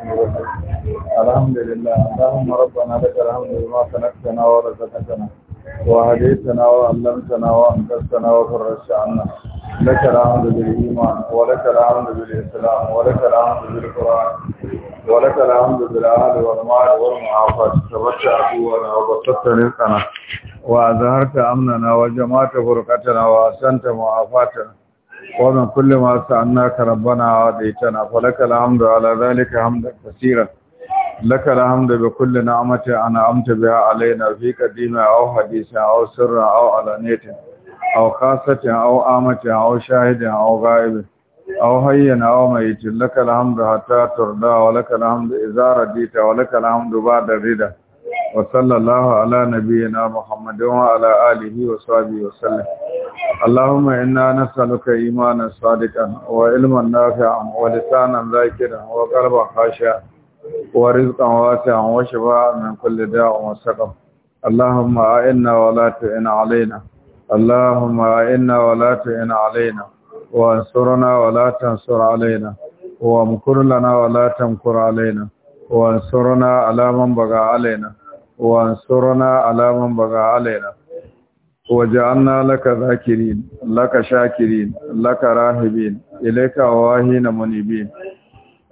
الحمد لله اللهم ربنا لك الحمد بما خلقتنا ورزقتنا وهديتنا وعلمتنا وانقذتنا وفرجت عنا لك الحمد بالايمان ولك الحمد بالاسلام ولك الحمد بالقران ولك الحمد بالاهل والمال والمعافاه تبت عدونا وبسطت رزقنا وازهرت امننا وجمعت فرقتنا واحسنت معافاتنا ومن كل ما سألناك ربنا عاديتنا فلك الحمد على ذلك حمد كثيرا لك الحمد بكل نعمة أنا أنعمت بها علينا في قديمة أو حديثة أو سرة أو علانية أو خاصة أو آمة أو شاهد أو غائب أو هين أو ميت لك الحمد حتى ترضى ولك الحمد إذا رديت ولك الحمد بعد الردى وصلى الله على نبينا محمد وعلى آله وصحبه وسلم اللهم إنا نسألك إيمانا صادقا وعلما نافعا ولسانا ذاكرا وقلبا خاشا ورزقا واسعا وشفاء من كل داع وسقم اللهم أئنا ولا تئن علينا اللهم أئنا ولا تئن علينا وانصرنا ولا تنصر علينا وامكر لنا ولا تمكر علينا وانصرنا على من بغى علينا وانصرنا على من بغى علينا وجعلنا لك ذاكرين لك شاكرين لك راهبين إليك واهين منيبين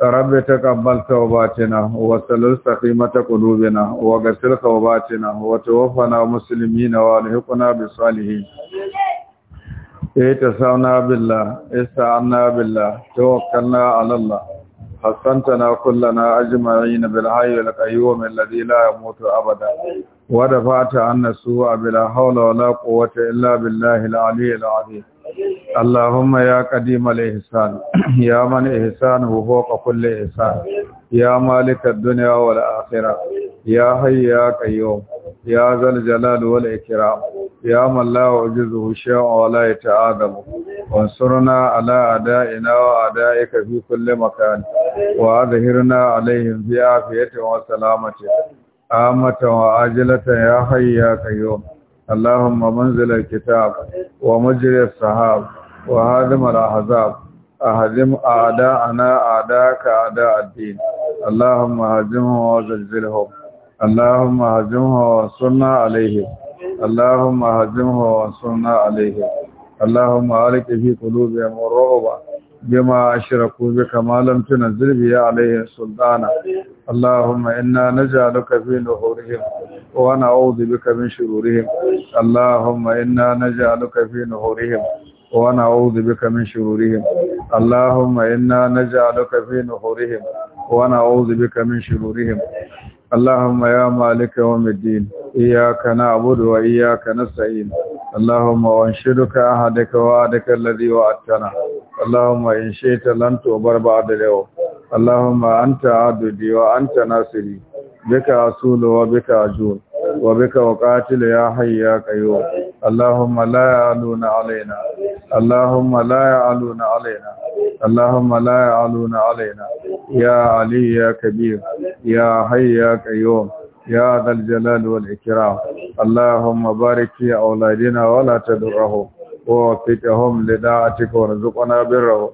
رب تقبل توباتنا وسلل سخيمة قلوبنا وغسل توباتنا وتوفنا مسلمين والحقنا بالصالحين اتصلنا بالله استعنا بالله توكلنا على الله حسنتنا كلنا أجمعين بالحي القيوم الذي لا يموت أبدا ودفعت عنا السوء بلا حول ولا قوة إلا بالله العلي العظيم اللهم يا قديم الإحسان يا من إحسانه فوق كل إحسان يا مالك الدنيا والآخرة يا حي يا قيوم يا ذا الجلال والإكرام يا من لا يعجزه شيء ولا يتعاظم وانصرنا على أعدائنا وأعدائك في كل مكان وأظهرنا عليهم بعافية وسلامة عامة وعاجلة يا حي يا قيوم اللهم منزل الكتاب ومجري الصحاب وهادم الأحزاب أهزم أعداءنا أعداءك أعداء الدين اللهم هزمهم وزلزلهم اللهم هجمه وانصرنا عليه اللهم هجمه وانصرنا عليه اللهم عليك في قلوبهم الرعب بما أشركوا بك ما لم تنزل به عليه سلطانا اللهم إنا نجعلك في نحورهم ونعوذ بك من شرورهم اللهم إنا نجعلك في نحورهم ونعوذ بك من شرورهم اللهم إنا نجعلك في نحورهم ونعوذ بك من شرورهم اللهم يا مالك يوم الدين إياك نعبد وإياك نستعين اللهم وانشدك أحدك وعدك الذي وعدتنا اللهم إن شئت لن تؤبر بعد اليوم اللهم أنت عبدي وأنت ناصري بك أصول وبك أجول وبك وقاتل يا حي يا قيوم اللهم لا يعلون علينا اللهم لا يعلون علينا اللهم لا يعلون علينا يا علي يا كبير يا حي يا قيوم يا ذا الجلال والإكرام اللهم بارك في أولادنا ولا تدرهم ووفقهم لداعتك وارزقنا برهم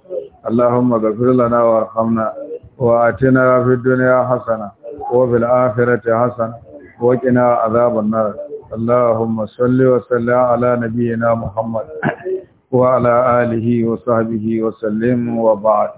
اللهم اغفر لنا وارحمنا وآتنا في الدنيا حسنة وفي الآخرة حسنة وقنا عذاب النار اللهم صل وسلم على نبينا محمد وعلى آله وصحبه وسلم وبعد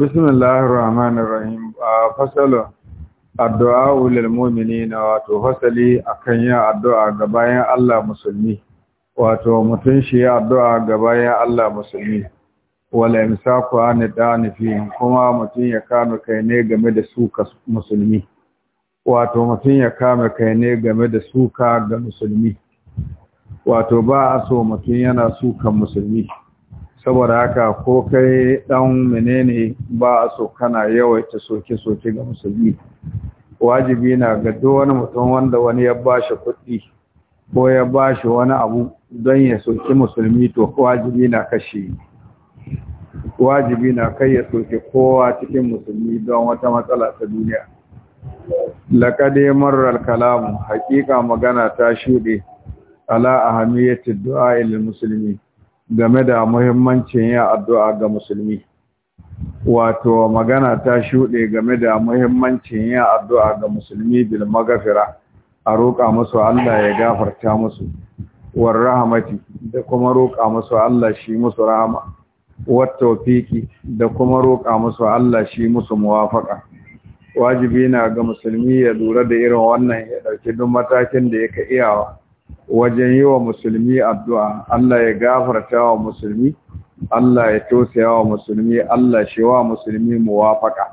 بسم الله الرحمن الرحيم Fasalun آه، addu'a lil na wato fasali akan yi addu'a ga bayan Allah musulmi wato mutun shi ya addu'a ga bayan Allah musulmi wala imsaku an dani fi kuma mutun ya kame kai ne game da suka musulmi wato mutun ya kame kai ne game da suka ga musulmi wato ba a so mutun yana sukan musulmi saboda haka ko kai dan menene ba a so kana yawaita soke-soke ga musulmi wajibi na ga duk wani mutum wanda wani ya bashi kuɗi ko ya bashi wani abu don ya soke musulmi to wajibi na kashe wajibi na kai ya soke kowa cikin musulmi don wata matsala ta duniya laƙade marar kalamu haƙiƙa magana ta shuɗe ala ahamiyyatid du'a ilil musulmi game da muhimmancin yin addu'a ga musulmi wato magana ta shuɗe game da muhimmancin yin addu'a ga musulmi bil magafira a roƙa musu Allah ya gafarta musu war rahamati da kuma roƙa musu Allah shi musu rahama wat da kuma roƙa musu Allah shi musu muwafaqa wajibi na ga musulmi ya lura da irin wannan ya ɗauki duk matakin da yake iyawa wajen yi wa musulmi addu'a Allah ya gafarta wa musulmi Allah ya tosaya wa musulmi Allah shi wa musulmi muwafaka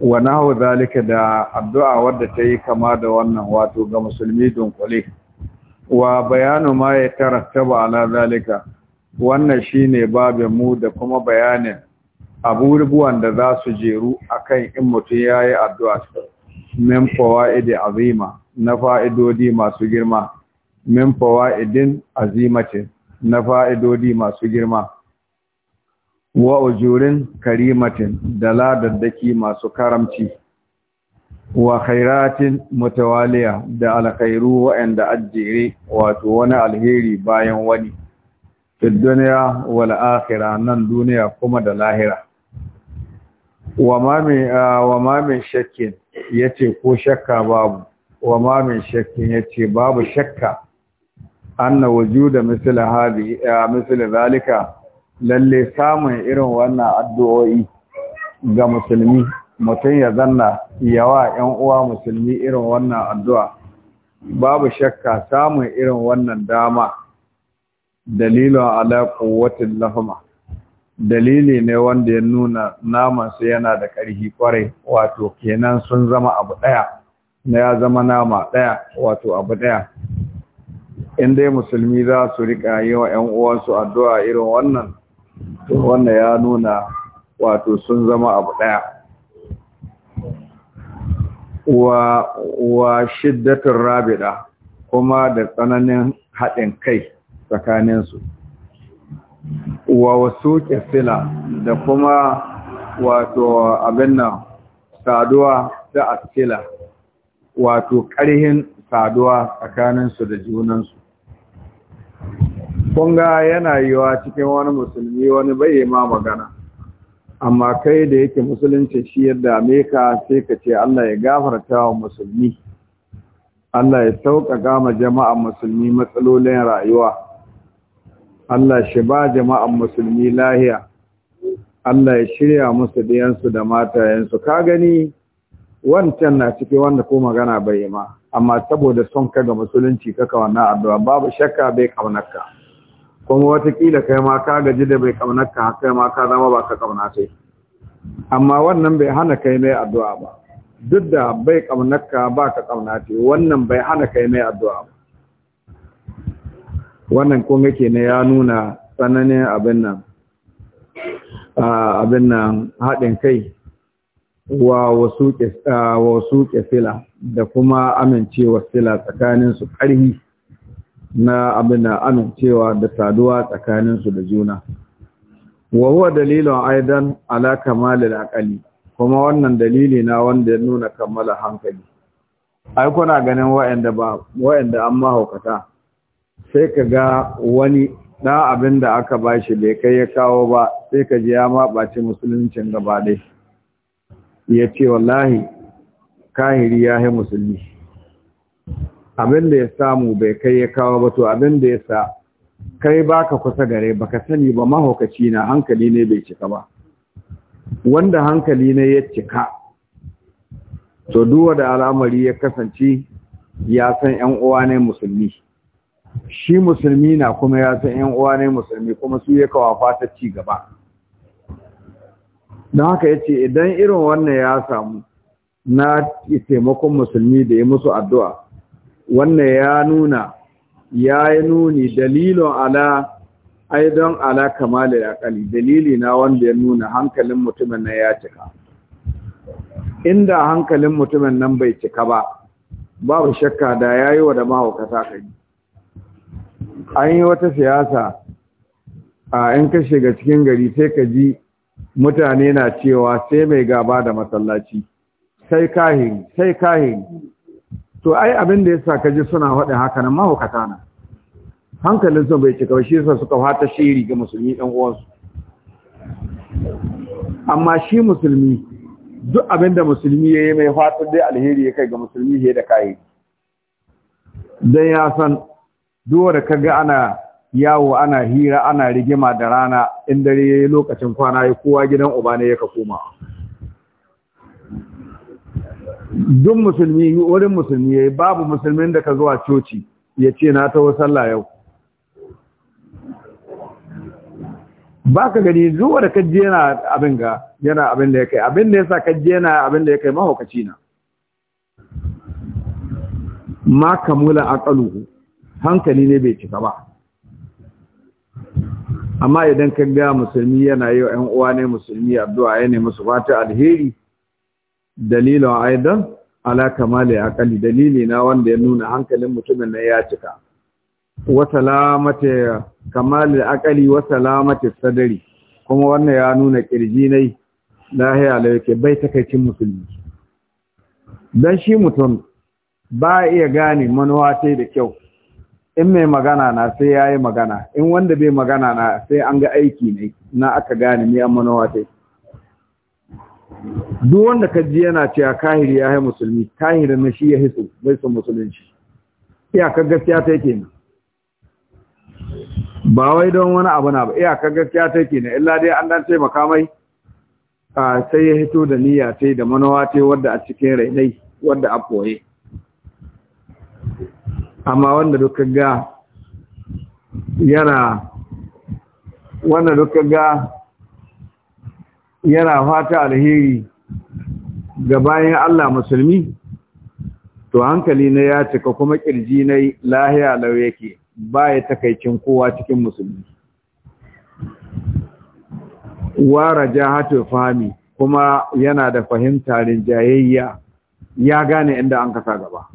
wa hau zalika da addu'a wadda ta yi kama da wannan wato ga musulmi dunkule wa bayanu ma ya ba ala zalika wannan shine babin mu da kuma bayanin abubuwan da za su jeru akan in mutum ya yi addu'a min fawaidi azima na fa'idodi masu girma min fawaidin azimatin na fa'idodi masu girma wa ujurin karimatin da ladaddaki masu karamci wa khairatin mutawaliya da alkhairu wa'anda ajjere wato wani alheri bayan wani fi duniya wal nan duniya kuma da lahira wa mamin min ya ce shakkin yace ko shakka babu wa mamin shakkin yace babu shakka anna wujuda misli hadi misla zalika lalle samun irin wannan addu'o'i ga musulmi mutum ya zanna yawa ‘yan uwa musulmi irin wannan addu'a babu shakka samun irin wannan dama dalilin alaƙo watan lahama dalili ne wanda ya nuna namansu yana da ƙarfi kwarai wato kenan sun zama abu ɗaya na ya zama nama ɗaya wato abu ɗaya in dai musulmi za su riƙa yi wa 'yan uwansu addu'a irin wannan to wannan ya nuna wato sun zama abu ɗaya wa shiddatun rabida kuma da tsananin haɗin kai tsakaninsu wa wasu sila da kuma wato abin nan saduwa ta asila wato ƙarhin saduwa tsakaninsu da junansu kun ga yana yiwa cikin wani musulmi wani bai ma magana amma kai da yake musulunci shi yadda me sai ka ce Allah ya gafarta wa musulmi Allah ya sauƙaƙa ma jama'an musulmi matsalolin rayuwa Allah shi ba jama'an musulmi lahiya Allah ya shirya musu diyansu da matayensu ka gani wancan na cikin wanda ko magana bai yi ma amma saboda son ka ga musulunci kaka wannan addu'a babu shakka bai kaunarka kuma watakila kai ma ka gaji da bai kaunarka kai ma ka zama ba ka kauna amma wannan bai hana kai mai addu'a ba duk da bai kaunarka ba ka kauna wannan bai hana kai mai addu'a ba wannan kun yake ne ya nuna tsananin abin nan abin nan haɗin kai wa wasu ƙesila da kuma amincewa sila tsakaninsu ƙarhi na abin da amincewa da saduwa tsakaninsu da juna wa huwa dalilun aidan ala kamalil aqali kuma wannan dalili na wanda ya nuna kammala hankali ai kuna ganin wa'anda an mahaukata sai ka ga wani da abin da aka bashi bai kai ya kawo ba sai ka ji ya maɓaci musuluncin gaba dai ya ce wallahi kahiri ya yi musulmi abin da ya samu bai kai ya kawo ba to abin da ya sa kai baka kusa gare ba ka sani ba mahaukaci na hankali ne bai cika ba wanda hankali ne ya cika to duwa da al'amari ya kasance ya san 'yan uwa ne musulmi shi musulmi na kuma ya san 'yan uwa ne musulmi kuma su ya kawo fatar ci gaba don haka ya ce idan irin wannan ya samu na taimakon musulmi da ya musu addu'a wannan ya nuna ya yi nuni dalilin ala ai don ala kamalin akali dalili na wanda ya nuna hankalin mutumin nan ya cika inda hankalin mutumin nan bai cika ba babu shakka da ya yi wa da mahaukata kai an yi wata siyasa a 'yan kashe ga cikin gari sai ka ji mutane na cewa sai mai gaba da masallaci sai kahin sai kahin to ai abin da yasa kaji suna faɗin haka nan mahaukata na hankalin sun bai cika ba shi yasa suka fata shiri ga musulmi ɗan uwansu amma shi musulmi duk abin da musulmi yayi mai fatan dai alheri ya kai ga musulmi ya da kayi Dan ya san duwa da kaga ana yawo ana hira ana rigima da rana in dare ya lokacin kwana yayi kowa gidan uba ne ya ka koma duk musulmi wurin musulmi yayi babu musulmin da ka zuwa coci ya ce na taho sallah yau ba ka gani zuwa da kaji yana abin ga yana abin da ya kai abin da ya sa kaji yana abin da ya kai mahaukaci na ma kamula ƙaluhu hankali ne bai cika ba amma idan ka gaya musulmi yana wa 'yan uwa ne musulmi addu'a ya ne musu fata alheri dalilin aidan ala kamali aqali dalili na wanda ya nuna hankalin mutumin na ya cika wa salamati kamali aqali wa salamati sadari kuma wannan ya nuna kirji nai lahiya la yake bai takaicin musulmi dan shi mutum ba iya gane manuwa sai da kyau in mai magana na sai yayi magana in wanda bai magana na sai an ga aiki ne na aka gane me an sai duk wanda ka ji yana cewa kahiri ya yi musulmi kahirin na shi ya hisu bai son musulunci iyakar gaskiya ta yake ne ba wai don wani abu na ba iyakar gaskiya ta yake ne illa dai an dan taimaka mai sai ya hito da niyya ce da manowa ce wadda a cikin rainai wadda a koye amma wanda duka ga yana wanda duka ga yana fata alheri ga bayan Allah musulmi to hankali na ya cika kuma kirji na lahiya lau yake baya takaicin kowa cikin musulmi wara jahatul fahimi kuma yana da fahimta jayayya ya gane inda an kasa gaba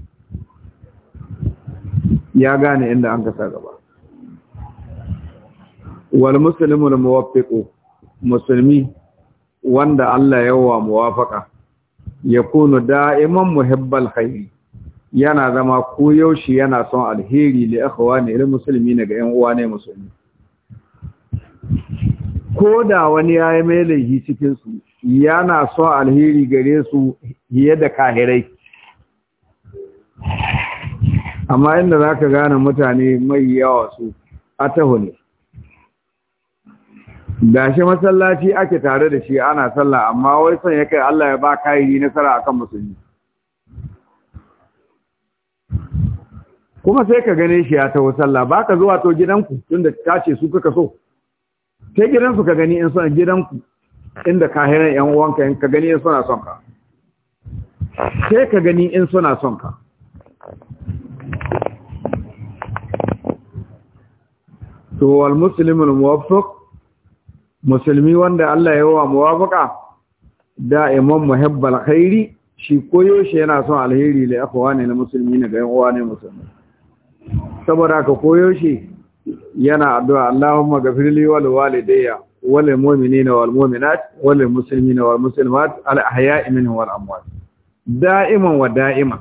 ya gane inda an kasa gaba wal muslimul muwaffiqu musulmi wanda Allah yawa muwafaka ya kunu da'iman muhibbal khairi yana zama ko yaushe yana son alheri li akhwani lil muslimin ga 'yan uwa ne musulmi ko da wani yayi mai laifi cikin su yana son alheri gare su fiye da kahirai amma inda zaka gane mutane mai yawa su atahuni gashi masallaci ake tare da shi ana sallah amma wai son ya kai Allah ya ba kayi nasara akan musulmi kuma sai ka gane shi ya taho sallah baka zuwa to gidanku tunda ka ce su kaka so sai gidansu ka gani in son gidanku inda ka hira yan uwanka in ka gani in suna son ka sai ka gani in suna son ka to wal muslimul muwaffaq musulmi wanda Allah ya wa muwafaka da'iman muhabbal khairi shi koyo shi yana son alheri da akwane na musulmi ne ga yan uwa ne musulmi saboda ka koyo shi yana addu'a Allahumma ghafirli wal walidayya wal mu'minina wal mu'minat wal muslimina wal muslimat al ahya'i minhum wal amwat da'iman wa da'iman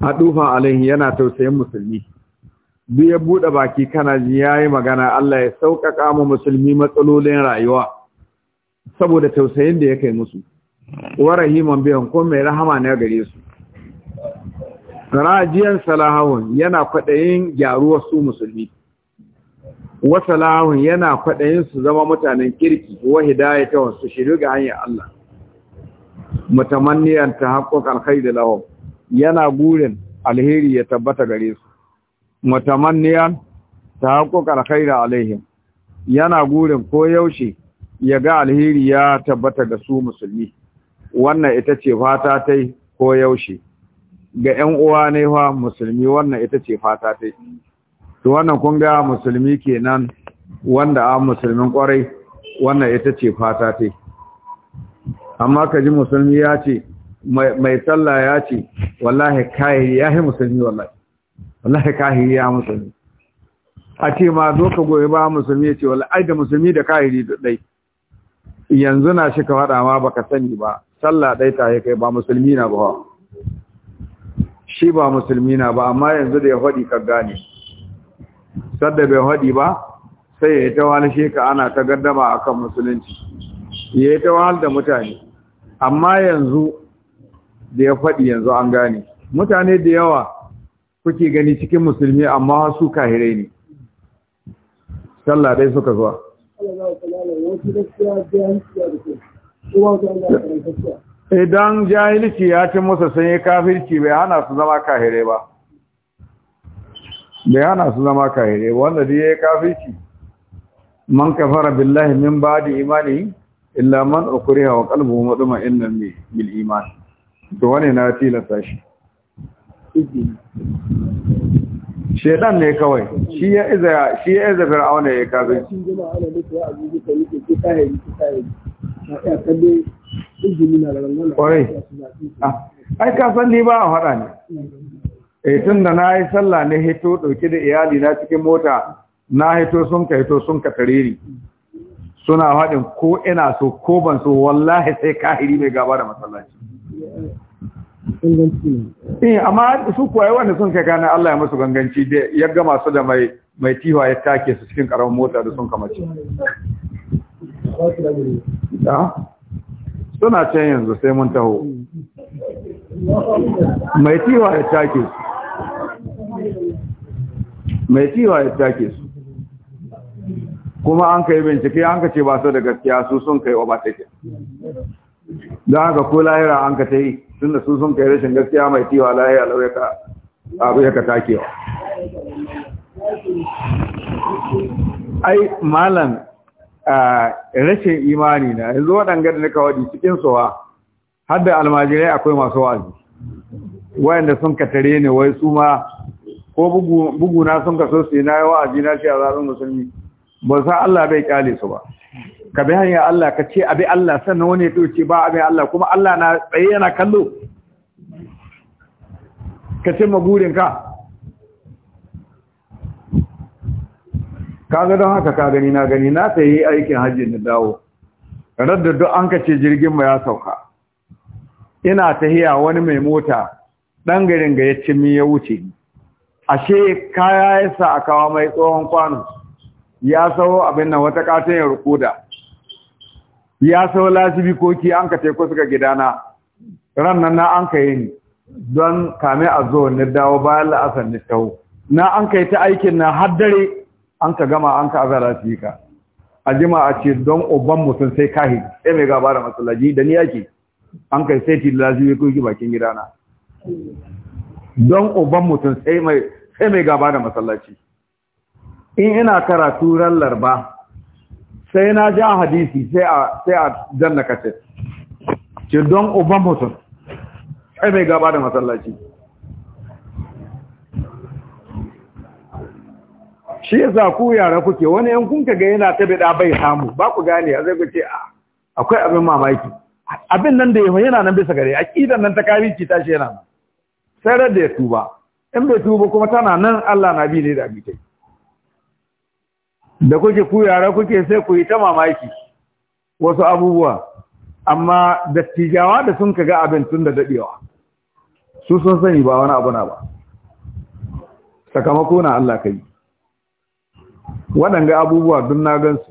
adufa alaihi yana tausayin musulmi duk ya buɗe baki kana ji yayi magana Allah ya sauƙaƙa mu musulmi matsalolin rayuwa saboda tausayin da ya musu wa rahiman bihan ko mai rahama ne gare su rajiyan salahun yana kwaɗayin gyaruwar su musulmi wa salahun yana kwaɗayin su zama mutanen kirki wa hidayatahum su shiru ga hanyar Allah mutamanniyan tahaqquq alkhair lahum yana gurin alheri ya tabbata gare su mutamanniyan tahaqquqal da alaihim yana gurin ko yaushe ya ga alheri ya tabbata ga su musulmi wannan ita ce fata tai ko yaushe ga 'yan uwa ne fa musulmi wannan ita ce fata tai to wannan kun ga musulmi kenan wanda a musulmin kwarai wannan ita ce fata tai amma ka ji musulmi ya ce mai sallah ya ce wallahi kai ya yi musulmi wallahi wallahi kahiri ya musulmi a ce ma zo ka goyi ba musulmi ya ce wallahi da musulmi da kahiri dai yanzu na shi ka faɗa ma baka sani ba sallah dai ta kai ba musulmi na ba shi ba musulmi na ba amma yanzu da ya faɗi ka gane sadda bai faɗi ba sai ya ta wani sheka ana ta gaddama akan musulunci ya ta wahal da mutane amma yanzu da ya faɗi yanzu an gane mutane da yawa kuke gani cikin musulmi amma su kahire ne sallah dai suka zuwa idan jahilci ya ci musu sun yi kafirci bai hana su zama kahire ba bai hana su zama kahire wanda da ya yi kafirci man kafara billahi min ba da imani illa man ukuriha wa kalbu mutuma'innan bil imani to wane na tilasta shi shedan ne kawai shi ya iza shi ya iza fir'auna ya kabe shi jama'a ana nufi wa abuji ka nufi ki kai ki kai ya kalle izini na rangan kwarai ah, ai ka san ni ba a hada ne eh tun da na yi sallah ne hito dauke da iyali na cikin mota na hito sun ka hito sun ka tareri suna hadin ko ina so ko ban so wallahi sai kahiri mai gaba da masallaci eh amma su kuwa wanda sun kai gane Allah ya musu ganganci da ya gama su da mai mai tiwa ya take su cikin karamin mota da sun kamace da suna can yanzu sai mun taho mai tiwa ya take su mai tiwa ya take su kuma an kai bincike an ka ce ba su da gaskiya su sun kai wa ba take don haka ko lahira an ka ta yi tun da sun sun kai rashin gaskiya mai tiwa laye alau ka abu ya ka takewa ai malam rashin imani na yanzu waɗanga da nika cikin sowa har da almajirai akwai masu wa'azi wayanda sun katare ne wai su ma ko bugu na sun kaso su na wa'azi na shi a zaɓen musulmi ba sa Allah bai kyale su ba ka bi hanyar Allah ka ce abi Allah sannan wani ya ce ba abin Allah kuma Allah na tsaye yana kallo ka ce Ka kaga don haka ka gani na gani na ta yi aikin hajji na dawo radda duk an kace jirgin mu ya sauka ina ta tahiya wani mai mota ɗan garin ga ya mi ya wuce ashe kaya sa a kawo mai tsohon kwano ya sawo abin nan wata katon ya rukuda ya sau lasibi ki an ka teko suka gidana ran nan na an ka yi ni don kame a zo ni dawo bayan la'asar ni taho na an ka yi ta aikin na har dare an ka gama an ka aza lasibika a jima a ce don uban mutum sai kahi sai mai gaba da masallaci da ni yake an kai sai ti lasibi ki bakin gidana don uban mutum sai mai gaba da masallaci in ina karatu ran larba sai na ja hadisi sai a sai a janna kace ce don uban mutum bai gaba da masallaci shi yasa ku yara kuke wani yan kun kaga yana ta bida bai samu ba ku gane zai ku ce akwai abin mamaki abin nan da yana nan bisa gare aqidan nan ta kawici ta shi yana sai da ya tuba in bai tuba kuma tana nan Allah na bi ne da abitai da kuke ku yara kuke sai ku yi ta mamaki wasu abubuwa amma dattijawa da sun kaga abin tun da daɗewa su sun sani ba wani abu na ba sakamako na Allah kai waɗanda abubuwa dun na gansu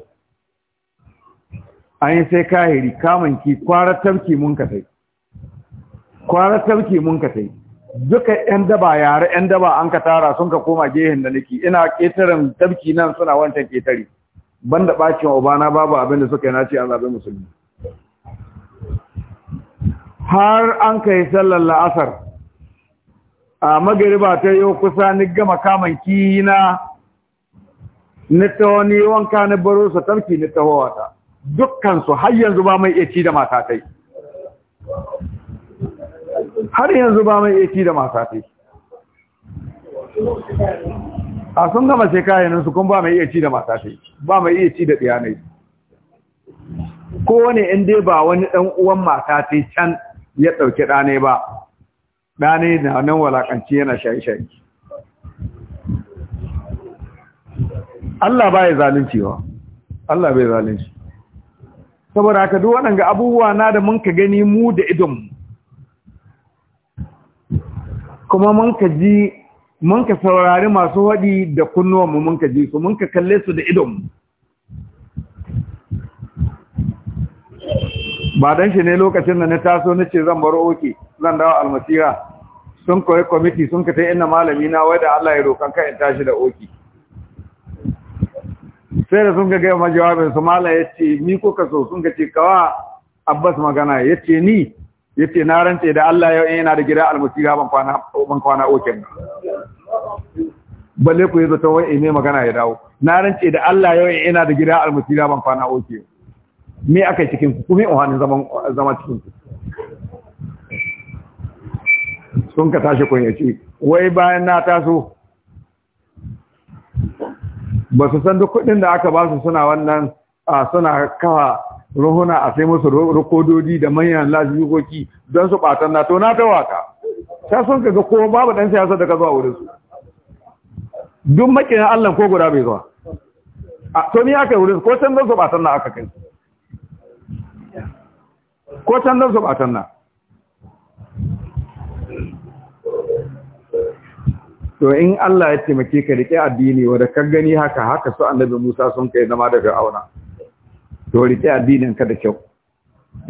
an yi sai kahiri kamanki kwarar tafki mun ka sai kwarar tafki mun ka sai duka yan daba yare yan daba an ka tara sun ka koma gehen da nake ina ƙetaren tabki nan suna wancan ƙetare banda bacin obana babu abin da suka yi nace an zabe musulmi har an kai sallar la'asar a magariba ta yi kusa ni gama kaman kina, ni ta wani wanka ni baro su tabki ni ta wata dukkan su har yanzu ba mai iya ci da matatai har yanzu ba mai yaki da masafi a sun gama sai su kun ba mai iya ci da masafi ba mai iya ci da tsiyanai kowane in dai ba wani ɗan uwan masafi can ya ɗauki ɗane ba ɗane na nan walakanci yana shayi-shayi Allah ba ya zalunci wa Allah bai zalunci saboda haka duk waɗanga abubuwa na da mun ka gani mu da idonmu kuma mun ka ji mun saurari masu haɗi da kunnuwanmu mun ka ji su mun ka kalle su da idonmu ba dan shi ne lokacin da na taso na ce zan baro oke zan dawo almasira sun koyi kwamiti sun ka ta ina malami na wai da Allah ya rokan ka in tashi da oke sai da sun ga gaya jawabin su mala ya ce ni ka so sun ka ce kawa abbas magana ya ce ni yace na rantse da Allah yau yana da gida almusiga ban kwana ban kwana oken balle ku yazo ta wai ne magana ya dawo na rantse da Allah yau yana da gida almusiga ban kwana oke me aka cikin ku kuma ohanin zaman zaman cikin ku sun ka tashi kun yace wai bayan na taso ba su san duk kudin da aka ba su suna wannan suna kawa ruhuna a sai musu rikododi da manyan lazigoki don su batan na na ta waka ta son ka ga ko babu dan siyasa da ka zuwa su. duk makin allah ko guda bai zuwa a to ni aka wurin ko san don su ɓatan na aka kai ko san don su ɓatan na to in allah ya taimake ka rike addini wadda ka gani haka haka su annabi musa sun kai zama da auna to rike addinin ka da kyau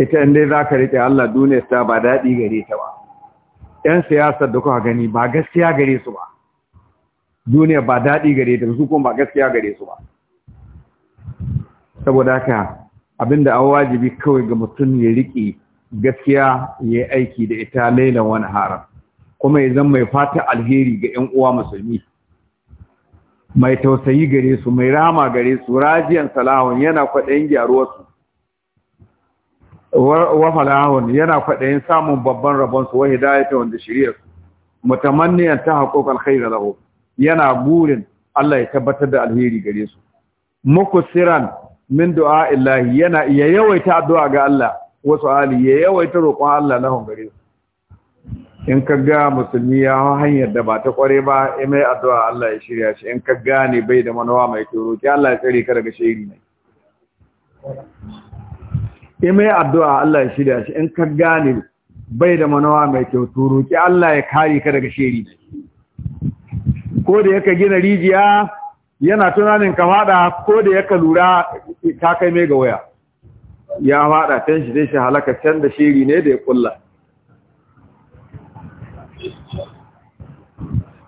ita in dai zaka rike Allah duniyar ta ba daɗi gare ta ba yan siyasar da kuka gani ba gaskiya gare su ba duniya ba daɗi gare ta su kuma ba gaskiya gare su ba saboda haka abinda an wajibi kawai ga mutum ya riƙe gaskiya ya yi aiki da ita lailan wani haram kuma ya zama mai fata alheri ga 'yan uwa musulmi mai tausayi gare su mai rama gare su rajiyan salahun yana kwaɗayin gyaruwarsu wa falahun yana kwaɗayin samun babban rabonsu wa hidayata wanda shirya su mutamanniyar ta haƙoƙar khaira lahu yana burin Allah ya tabbatar da alheri gare su Muku mukusiran min du'a illahi yana ya yawaita addu'a ga Allah wasu ali ya yawaita roƙon Allah lahun gare su in ka ga musulmi ya hanyar da ba ta kware ba ya mai addu'a Allah ya shirya shi in ka gane bai da manowa mai turu ki Allah ya tsare ka daga shiri mai ya mai addu'a Allah ya shirya shi in ka gane bai da manowa mai turu ki Allah ya kare ka daga shiri mai ko da yaka gina rijiya yana tunanin ka fada ko da yaka lura ta kai mai ga waya ya fada tan shi dai shi halaka can da shiri ne da ya kulla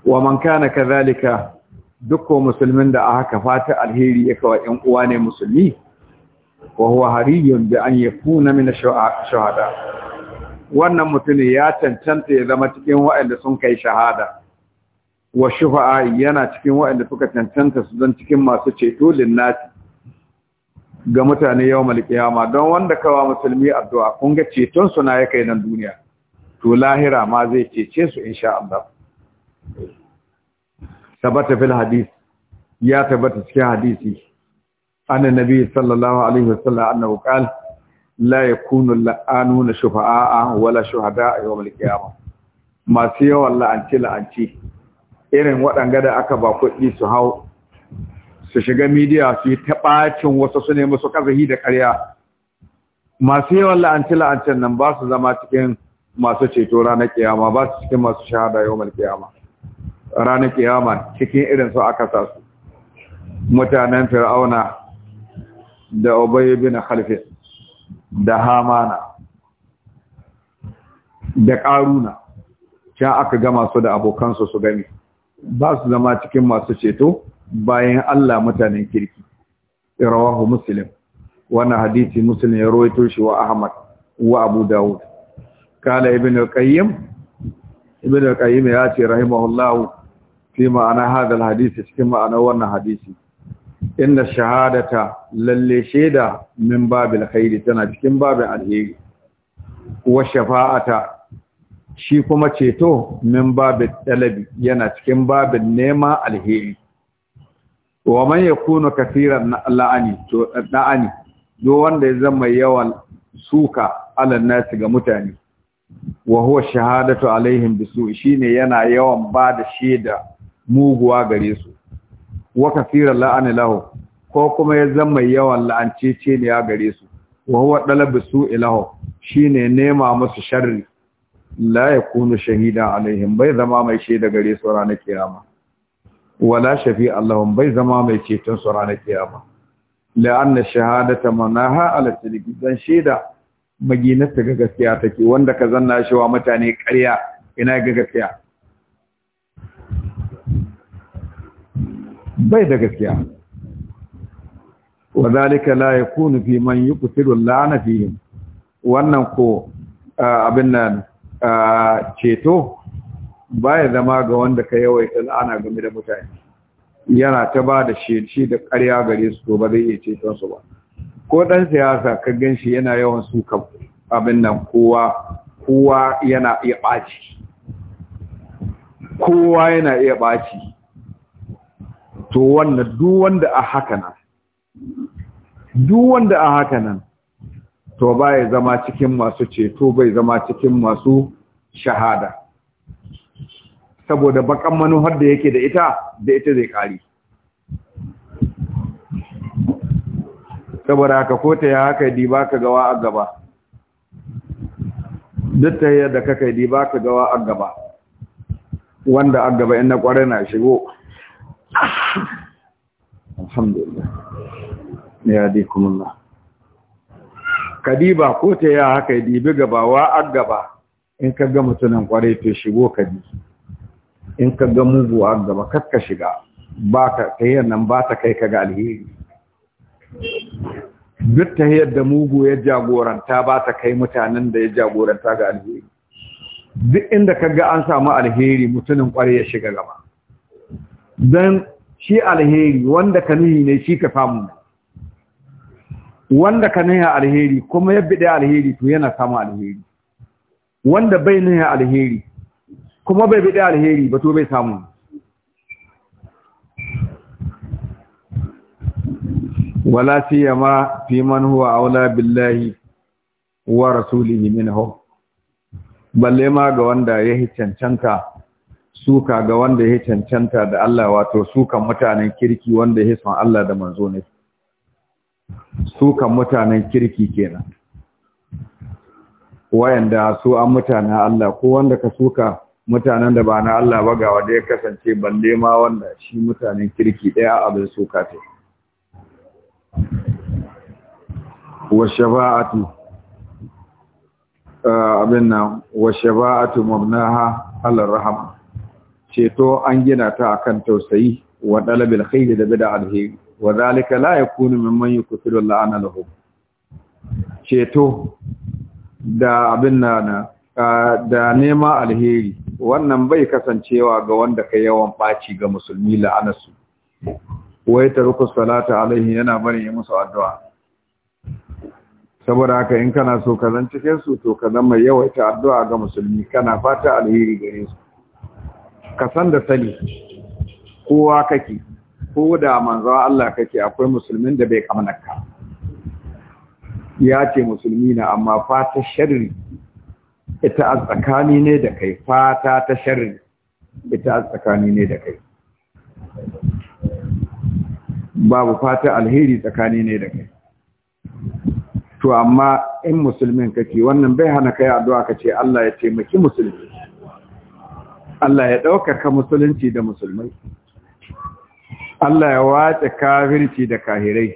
wa man kana kadhalika dukkan musulmin da aka fata alheri yake 'yan ɗan uwa ne musulmi wa huwa hariyun bi an yakuna min shuhada wannan mutumin ya cancanta ya zama cikin waɗanda sun kai shahada wa shuhada yana cikin waɗanda suka cancanta su zan cikin masu ceto linnati ga mutane yawmal qiyama don wanda kawa musulmi addu'a kun ga ceton su na yake nan duniya to lahira ma zai cece su insha Allah tabbata fil hadith ya tabbata cikin hadisi anna nabi sallallahu alaihi wasallam annahu qala la yakunu la'anuna shufa'a wala shuhada yawm al-qiyamah masu yawan la la'anci irin waɗanga da aka ba kuɗi su hau su shiga midiya su yi taɓacin wasu su ne musu kazahi da ƙarya masu yawan la'anci la'ancin nan ba su zama cikin masu ceto ranar kiyama ba su cikin masu shahada yawmal kiyama ranar kiyama cikin irin su aka sa su mutanen fir'auna da ubay bin halfe da hamana da karuna can aka gama su da abokansu su gani ba su zama cikin masu ceto bayan Allah mutanen kirki irawahu muslim wannan hadisi muslim ya rawaito shi wa ahmad wa abu dawud kala ibn al-qayyim ya ce rahimahullahu fi ma'anar hadal hadisi cikin ma'anar wannan hadisi inda shahadata lalle shaida min babil tana cikin babin alheri wa shafa'ata shi kuma ceto min babin dalabi yana cikin babin nema alheri wa man yakunu kaseeran la'ani to la'ani do wanda ya zama yawan suka ala nasi ga mutane wa huwa shahadatu alaihim bisu shine yana yawan ba da shaida muguwa gare su wa kaseeran la'ana lahu ko kuma ya zama yawan la'ancece ne ya gare su wa huwa dalabu su ilahu shine nema musu sharri la yakunu shahida alaihim bai zama mai shaida gare su ranar kiyama wala shafi allahum bai zama mai ceton su ranar kiyama la'anna shahadata manaha ala tilki dan shaida maginarta ga gaskiya take wanda ka zanna shi wa mutane ƙarya ina ga gaskiya bai da gaskiya wa zalika la yakunu fi man yuqtilu lana fihi wannan ko abin nan ceto baya zama ga wanda ka yawaita la'ana game da mutane yana ta ba da shi da ƙarya gare su to ba zai iya ceton su ba ko ɗan siyasa ka gan shi yana yawan suka abin nan kowa kowa yana iya ɓaci kowa yana iya ɓaci to wannan duk wanda a haka nan duk wanda a haka nan to ya zama cikin masu ceto bai zama cikin masu shahada saboda bakan manuhar da yake da ita da ita zai kare saboda haka ko ta ya haka diba ka gawa a gaba duk ta yadda ka kai diba ka gawa a gaba wanda a gaba ina kwarai na shigo alhamdulillah ya di kuma kadiba ko ta ya haka dibi gabawa a gaba in ka ga mutunan kwarai to shigo ka bi in ka ga mugu a gaba kakka shiga ba ka nan ba ta kai ka ga alheri duk yi yadda mugu ya jagoranta ba ta kai mutanen da ya jagoranta ga alheri duk inda ka ga an samu alheri mutumin kwarai ya shiga gaba don shi alheri wanda ka nuhi ne shi ka samu wanda ka nuhi alheri kuma ya bide alheri to yana samu alheri wanda bai nuhi alheri kuma bai bide alheri ba to bai samu ne. wala siyama fi man huwa aula billahi wa rasulihi minhu balle ma ga wanda ya cancanta suka ga wanda ya cancanta da Allah wato sukan mutanen kirki wanda ya son Allah da manzo ne Suka mutanen kirki kenan wayanda su an mutanen Allah ko wanda ka suka mutanen da ba na Allah ba ga wanda ya kasance balle ma wanda shi mutanen kirki daya abin suka ta والشفاعة abinna wa shafa'atu mabnaha ala ceto an gina ta akan tausayi wa dalabil khair da bid'a alheri wa zalika la yakunu mimman yukuthiru la'ana lahu ceto da abinna na da nema alheri wannan bai kasancewa ga wanda kai yawan baci ga musulmi la'anasu wai taruku salata alaihi yana bari musu addu'a saboda haka in kana so ka zan cikin su to ka zama yawaita addu'a ga musulmi kana fata alheri gare su ka san da sani kowa kake ko da manzo Allah kake akwai musulmin da bai kamana ka ya ce musulmi na amma fata sharri ita a tsakani ne da kai fata ta sharri ita a tsakani ne da kai babu fata alheri tsakani ne da kai to amma in musulmin kake wannan bai hana kai addu'a kace Allah ya taimaki musulmi Allah ya ka musulunci da musulmai Allah ya wace kafirci da kahirai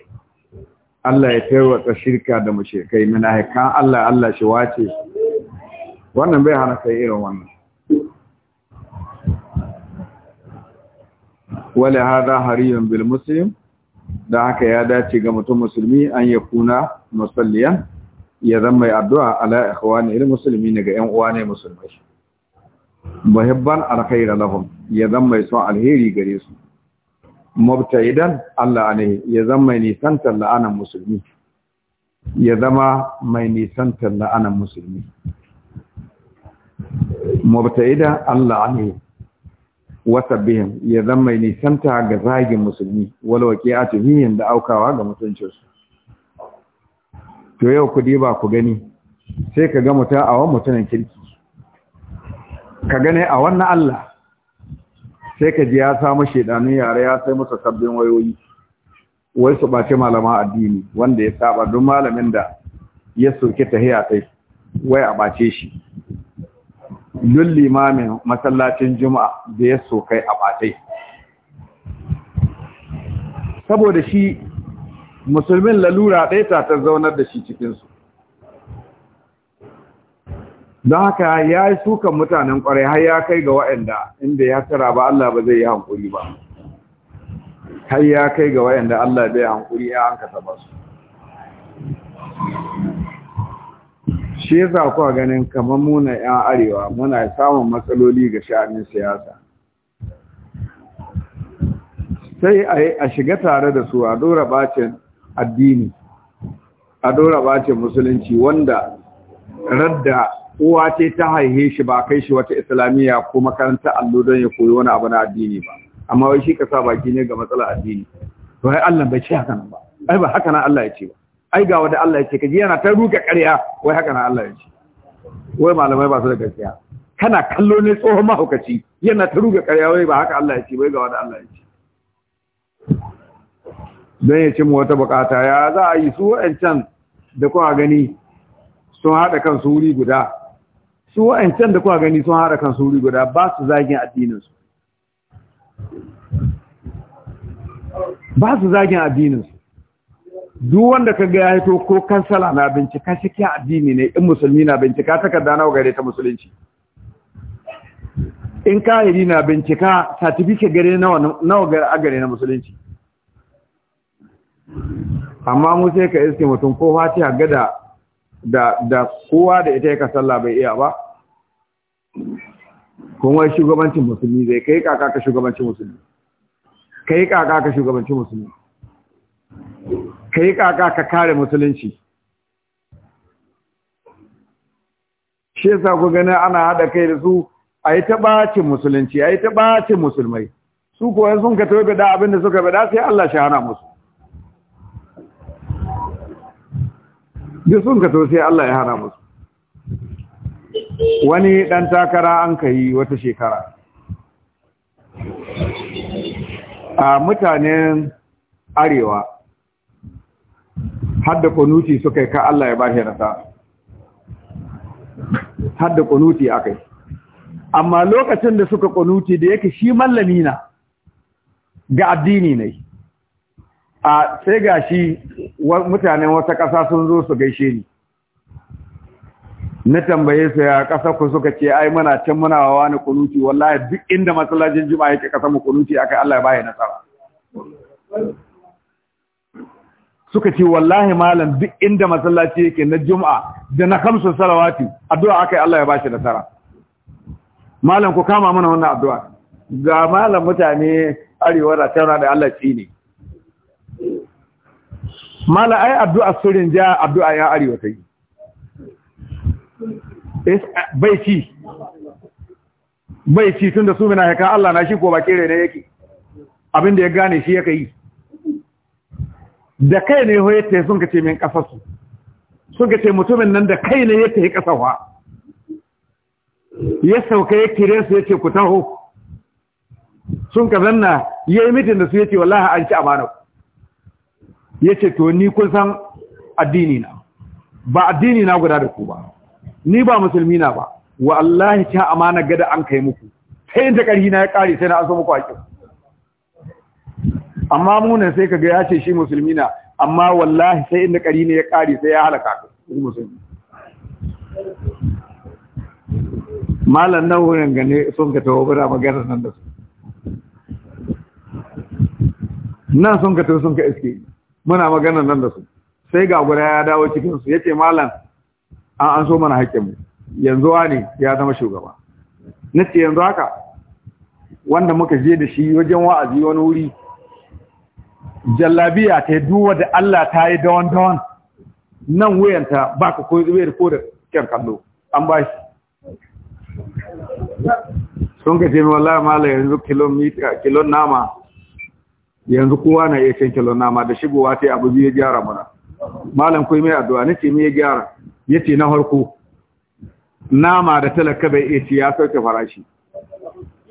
Allah ya tarwata shirka da mushrikai haka Allah Allah shi wace wannan bai hana kai irin wannan wala hada hariyun bil muslim da haka ya dace ga mutum musulmi an yakuna musalliyan ya zan mai addu'a ala ikhwani il musulmi ga yan uwa ne musulmai muhibban alkhair lahum ya zan mai son alheri gare su idan Allah ne ya zan mai nisantar la'anan musulmi ya zama mai nisantar la'anan musulmi idan Allah ne wasabbihim ya zan mai nisanta ga zagin musulmi wal waqi'atu hiyyin da aukawa ga mutuncinsu to yau ku ba ku gani sai ka ga mutum a wani mutumin kirki ka gane a wannan Allah sai ka ji ya samu shaidanun yare ya sai musu sabbin wayoyi wai su ɓace malama addini wanda ya saba duk malamin da ya soke tahiya sai wai a ɓace shi duk limamin masallacin juma'a da ya sokai a ɓace saboda shi musulmin lalura ɗaya ta ta zaunar da shi cikinsu don haka ya yi sukan mutanen kwarai har ya kai ga wa'anda inda ya tara ba Allah ba zai yi hankuri ba har ya kai ga wa'anda Allah bai hankuri ya an kasa ba su shi ya kuwa ganin kamar muna 'yan arewa muna samun matsaloli ga sha'anin siyasa sai a shiga tare da su a dora bacin addini a dora ce musulunci wanda radda uwa ce ta haihe shi ba kai shi wata islamiyya ko makarantar allo don ya koyi wani abu na addini ba amma wai shi ka sa baki ne ga matsalar addini to ai Allah bai ce haka nan ba ai ba haka nan Allah ya ce ba ai ga wanda Allah ya ce kaji yana ta ruka ƙarya wai haka nan Allah ya ce wai malamai ba su da gaskiya kana kallo ne tsohon mahaukaci yana ta ruka ƙarya wai ba haka Allah ya ce wai ga wanda Allah ya ce don ya cimma wata bukata ya za a yi su wa'ancan da kuwa gani sun haɗa kan suri guda su wa'ancan da kuwa gani sun haɗa kan suri guda ba su zagin addininsu ba su zagin addininsu duk wanda ka ga ya hito ko kansala na bincika cikin addini ne in musulmi na bincika takarda na gare ta musulunci in kahiri na bincika certificate gare nawa gare a gare na musulunci amma mu sai ka iske mutum ko fatiha gada da da kowa da ita yaka sallah bai iya ba kuma shugabancin musulmi zai kai kaka ka shugabancin musulmi kai kaka ka shugabancin musulmi kai kaka ka kare musulunci shi yasa ku gani ana hada kai da su a yi ta bacin musulunci a yi ta bacin musulmai su kuwa sun ka tobe da abin da suka bada sai Allah shi hana musu duk sun ka sai Allah ya hana musu wani dan takara an ka yi wata shekara a mutanen arewa hadda kunuti suka yi ka Allah ya bashi rasa hadda kunuti akai amma lokacin da suka kunuti da yake shi mallami na ga addini ne a sai shi mutanen wata ƙasa sun zo su gaishe ni na tambaye su ya ƙasa ku suka ce ai muna can muna wa wani kunuti wallahi duk inda masallacin juma'a yake ƙasa mu kunuti akai Allah ya baya nasara suka ce wallahi malam duk inda masallaci yake na juma'a da na kamsu salawati addu'a akai Allah ya bashi nasara malam ku kama mana wannan addu'a ga malam mutane arewa da tana da Allah ci ne mala ai addu'a surin ja addu'a ya arewa ta yi eh, bai ci bai ci tun da su mina haka Allah na shi ko ba kere ne yake abinda ya gane shi yake yi da kai ne ho yadda sun kace min kasarsu sun kace mutumin nan da kai ne yadda ya kasawa ya sauka ya kire su yace ku taho sun ka zanna yi mitin da su yace wallaha an ci amana ya ce to ni kun san addini na ba addini na guda da ku ba ni ba musulmi na ba wallahi ta amana gada an kai muku ta yin ta ƙarfi na ya ƙare sai na an so muku haƙi amma munan sai kaga ya ce shi musulmi na amma wallahi sai inda ƙari ne ya ƙare sai ya halaka musulmi malan nan wurin gane sun ka tawo bura maganar nan da su nan sun ka tawo sun ka iske muna magana nan da su sai ga guda ya dawo cikin su ce malam an an so mana haƙƙin mu yanzu ne ya zama shugaba nace yanzu haka wanda muka je da shi wajen wa'azi wani wuri jallabiya ta duwa da Allah ta yi dawan dawan nan wuyanta ba ka koyi zuwa ko da kyan kallo an ba shi sun ka ce wallahi malam yanzu kilon nama yanzu kowa na iya cin kilon nama da shigowa sai abu ya gyara mana malam kai mai addu'a nace me ya gyara yace na harko nama da talaka bai iya ci ya sauke farashi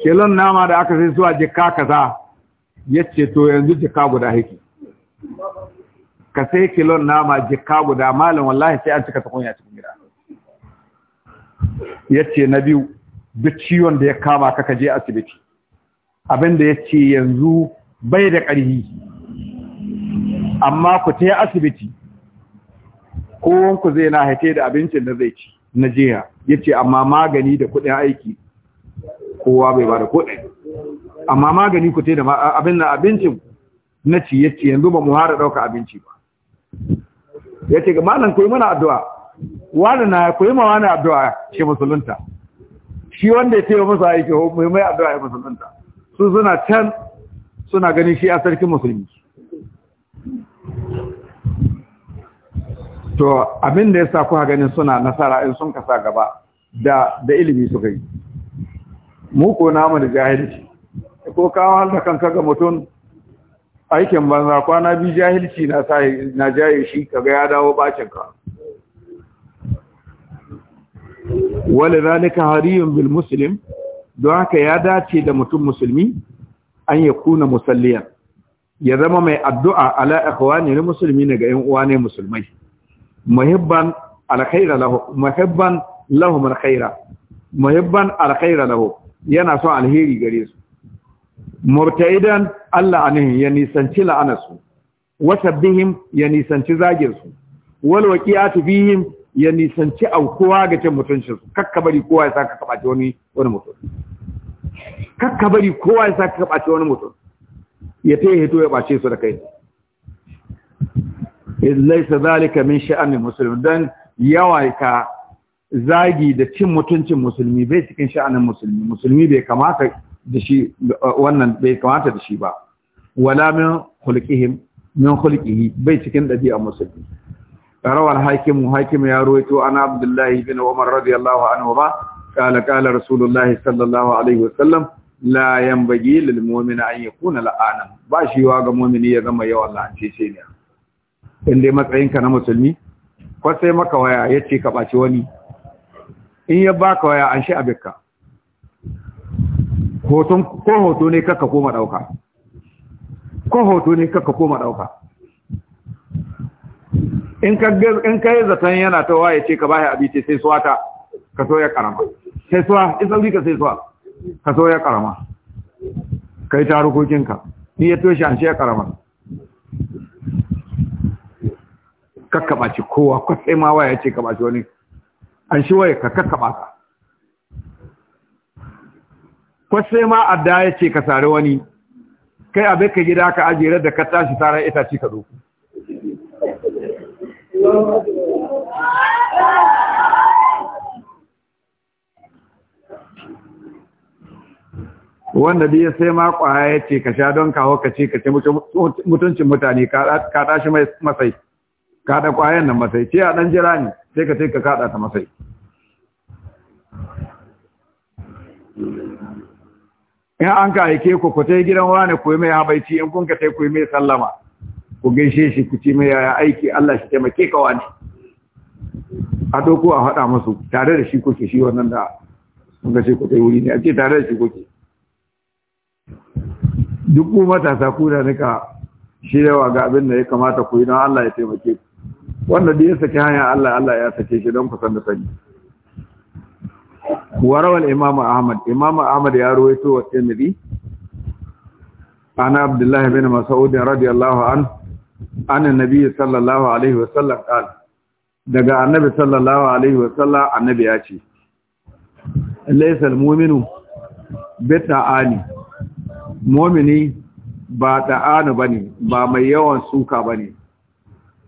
kilon nama da aka sai zuwa jikka kaza yace to yanzu jikka guda hiki ka sai kilon nama jikka guda malam wallahi sai an cika ta kunya cikin gida yace na biyu duk ciwon da ya kama ka kaje asibiti abinda yace yanzu bai da ƙarfi amma ku ta asibiti kowanku zai na haite da abincin da zai ci na jiya ya ce amma magani da kuɗin aiki kowa bai ba da kudin amma magani ku ta da abin na abincin na ci ya ce yanzu ba mu hara ɗauka abinci ba ya ce ga malam ku yi mana addu'a wani na ku yi ma wani addu'a shi musulunta shi wanda ya ce wa aiki mai addu'a ya musulunta su suna can suna ganin shi a sarkin musulmi to abin da ya sa kuka ganin suna nasara in sun kasa gaba da ilimi suka yi mu ko namu da jahilci ko kawo halta kanka ga mutum aikin banza kwana bi jahilci na sahi na jaye shi kaga ya dawo bacin ka wale zalika hariyun bil muslim don haka ya dace da mutum musulmi an ya kuna musalliyan ya zama mai addu'a ala ikhwani na musulmi ne ga ‘yan uwa ne musulmai muhibban alkhaira lahu muhibban lahum alkhaira muhibban alkhaira yana son alheri gare su idan Allah anihin ya nisanci la'anarsu wasabbihim ya nisanci zagirsu wal waqi'atu fihim ya nisanci aukuwa ga cin mutuncinsu kakka bari kowa ya ka kabace wani wani mutum kakka bari kowa ya sa ka ɓace wani mutum ya ta hito ya ɓace su da kai laisa zalika min sha'anin musulmi don yawa ka zagi da cin mutuncin musulmi bai cikin sha'anin musulmi musulmi bai kamata da shi wannan bai kamata da shi ba wala min khulqihim min khulqihi bai cikin dabi'a musulmi rawal hakim hakim ya ruwaito ana abdullahi bin umar radiyallahu anhu ba قال قال رسول الله صلى الله عليه وسلم لا ينبغي للمؤمن ان يكون لعانا باشي واغا مؤمن يا زما يوا الله انتي سينيا ne دي matsayinka na musulmi ko sai maka waya yace ka baci wani in ya baka waya an shi abikka hoton ko hoto ne kaka koma dauka ko hoto ne kaka koma dauka in ka in kai zaton yana ta waya ce ka bai abi sai suwata ka so ya karama sai suwa in sauri ka sai suwa ka so ya karama ka yi tarukokinka ni ya toshe an shi ya karama kakkaba ci kowa kwasai ma waya ce kaba ci wani an shi waya ka kakkaba ka kwasai ma adda ya ce ka sare wani kai abin ka gida ka ajiyar da ka tashi tara itaci ka doku wanda da ya sai ma kwaya ya ce ka sha don kawo ka ce ka ce mutuncin mutane ka tashi masai ka da kwayan nan masai ce a dan jira ne sai ka ce ka kada ta masai in an ka aike ku ku ta gidan wani ku yi mai habaici in kun ka ta ku yi mai sallama ku gaishe shi ku ci mai yaya aiki Allah shi taimake ka wani a doko a haɗa musu tare da shi kuke shi wannan da sun ga ce ku ta yi wuri ne a ce tare da shi kuke duk ku matasa ku da nika wa ga abin da ya kamata ku yi don Allah ya taimake ku wanda da ya saki hanya Allah Allah ya sake shi don ku san da sani warawal imamu ahmad imamu ahmad ya ruwaito wa tirmidhi ana abdullahi bin mas'ud radiyallahu an ana nabi sallallahu alaihi wa sallam qala daga annabi sallallahu alaihi wa sallam annabi ya ce laysa al-mu'minu bi ta'ani mumini ba ba bane ba mai yawan suka bane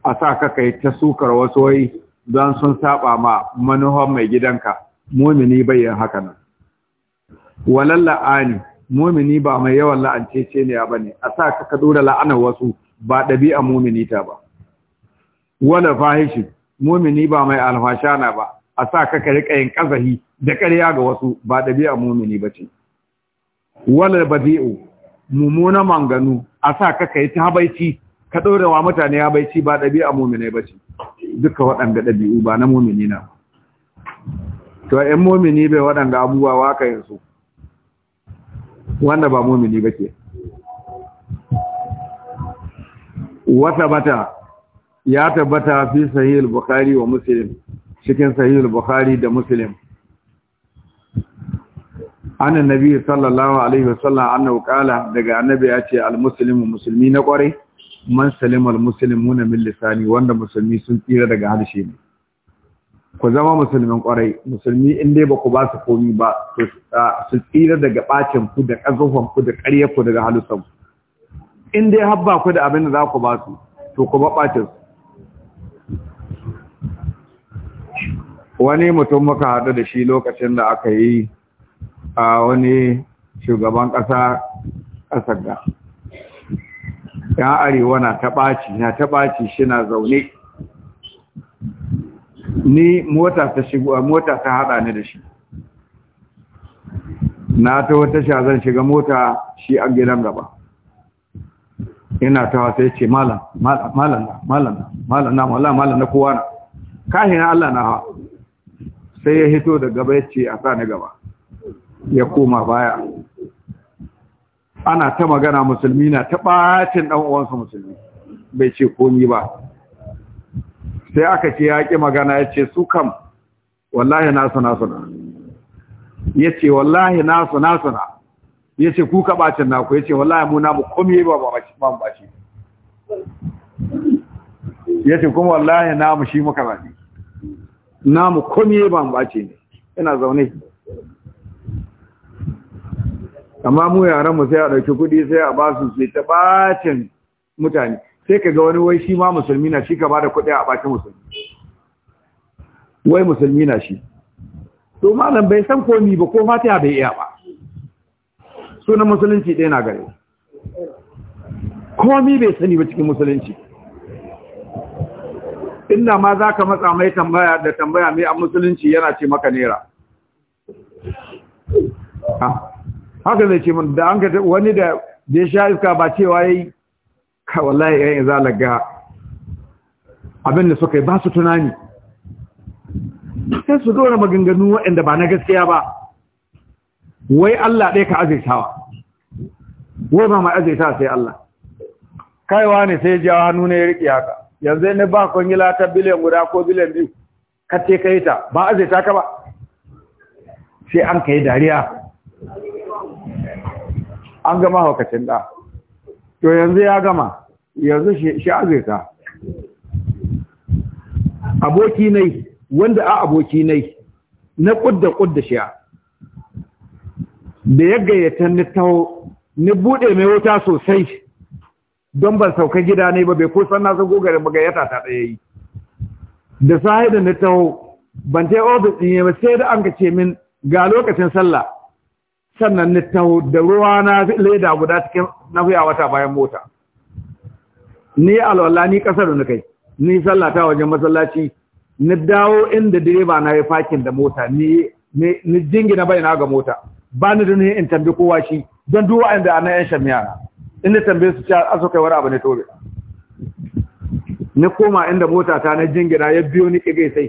a sa ka kai ta sukar wasu wai don sun saba ma manohar mai gidanka mumini bayan haka nan walal la'ani mumini ba mai yawan ce ne bane a sa ka ka dora la'anar wasu ba ɗabi'a mumini ta ba wala fahishi mumini ba mai alfashana ba a sa ka ka rika yin kazahi da ƙarya ga wasu ba ɗabi'a mumini ba ce wala badi'u mumuna manganu a sa ka kai ta habaici ka wa mutane habaici ba ɗabi'a muminai ba ce duka waɗanda ɗabi'u ba na mumini na to ƴan mumini bai waɗanda abubuwa waka yanzu wanda ba mumini ba ke wata bata ya tabbata fi sahih al-bukhari wa muslim cikin sahih al-bukhari da muslim Ana nabi sallallahu alaihi wasallam annahu qala daga annabi ya ce almuslimu musulmi na kware man salima almuslimuna min lisani wanda musulmi sun tsira daga harshe ne ku zama musulmin kwarai musulmi in dai ba ku ba su komi ba su tsira daga bacin ku da kazufan ku da ƙaryar ku daga halusan ku in dai habba ku da abin da za ku ba su to ku ba bacin su wani mutum muka haɗu da shi lokacin da aka yi a wani shugaban ƙasa ƙasar da ya arewa na taɓaci na taɓaci shi na zaune ni mota ta shigo mota ta haɗa ni da shi na ta wata sha zan shiga mota shi a gidan gaba ina ta wata ya ce malam malam malam malam malam malam na kowa na kahin Allah na sai ya hito da gaba ya ce a sa ni gaba ya koma baya ana ta magana musulmi na ta ɓacin ɗan uwansa musulmi bai ce komi ba sai aka ce ya ƙi magana ya ce su kam wallahi nasu nasu na ya ce wallahi nasu nasu na ya ce kuka ɓacin naku ya ce wallahi mu namu komi ba ba ba shi ya ce kuma wallahi namu shi muka ba namu komi ba ba ce ne ina zaune amma mu yaran mu sai a ɗauki kuɗi sai a basu su ta bacin mutane sai ka ga wani wai shi ma musulmi na shi ka bada kudi a bacin musulmi wai musulmi na shi to malam bai san komi ba ko fatiha bai iya ba sunan musulunci ɗaya na gare komi bai sani ba cikin musulunci inda ma za ka matsa mai tambaya da tambaya mai a musulunci yana ce maka nera ah. haka zai ce mun da an ka wani da ya sha iska ba cewa yayi ka wallahi ya izala ga abin da suka yi ba su tunani sai su dora maganganu waɗanda ba na gaskiya ba wai Allah ɗaya ka azaitawa wai ba ma azaita sai Allah kaiwa ne sai jawa hannu ne ya riƙe haka yanzu ne ba yi ta biliyan guda ko biliyan biyu ka ce ka yi ta ba azaita ka ba sai an ka yi dariya an gama haukacin da to yanzu ya gama yanzu shi azirka aboki nai wanda a aboki nai na kudda kudda shi da ya gayyata ni taho ni bude mai wuta sosai don ban sauka gida ne ba bai ko sanna sun gogare ba gayyata ta ɗaya. yi da sahi da ni taho ban ta yi ofis ɗin ba sai da an ka ce min ga lokacin sallah sannan ni taho da ruwa na leda guda cikin na fiya wata bayan mota ni alwala ni kasar ni kai ni sallata wajen masallaci ni dawo inda direba na ya fakin da mota ni ni jingina na ga mota ba ni da ni in tambi kowa shi don duk inda ana yan in inda tambaye su cewa aso kai wani abu ne tobe ni koma inda mota ta na jingina ya biyo ni kige sai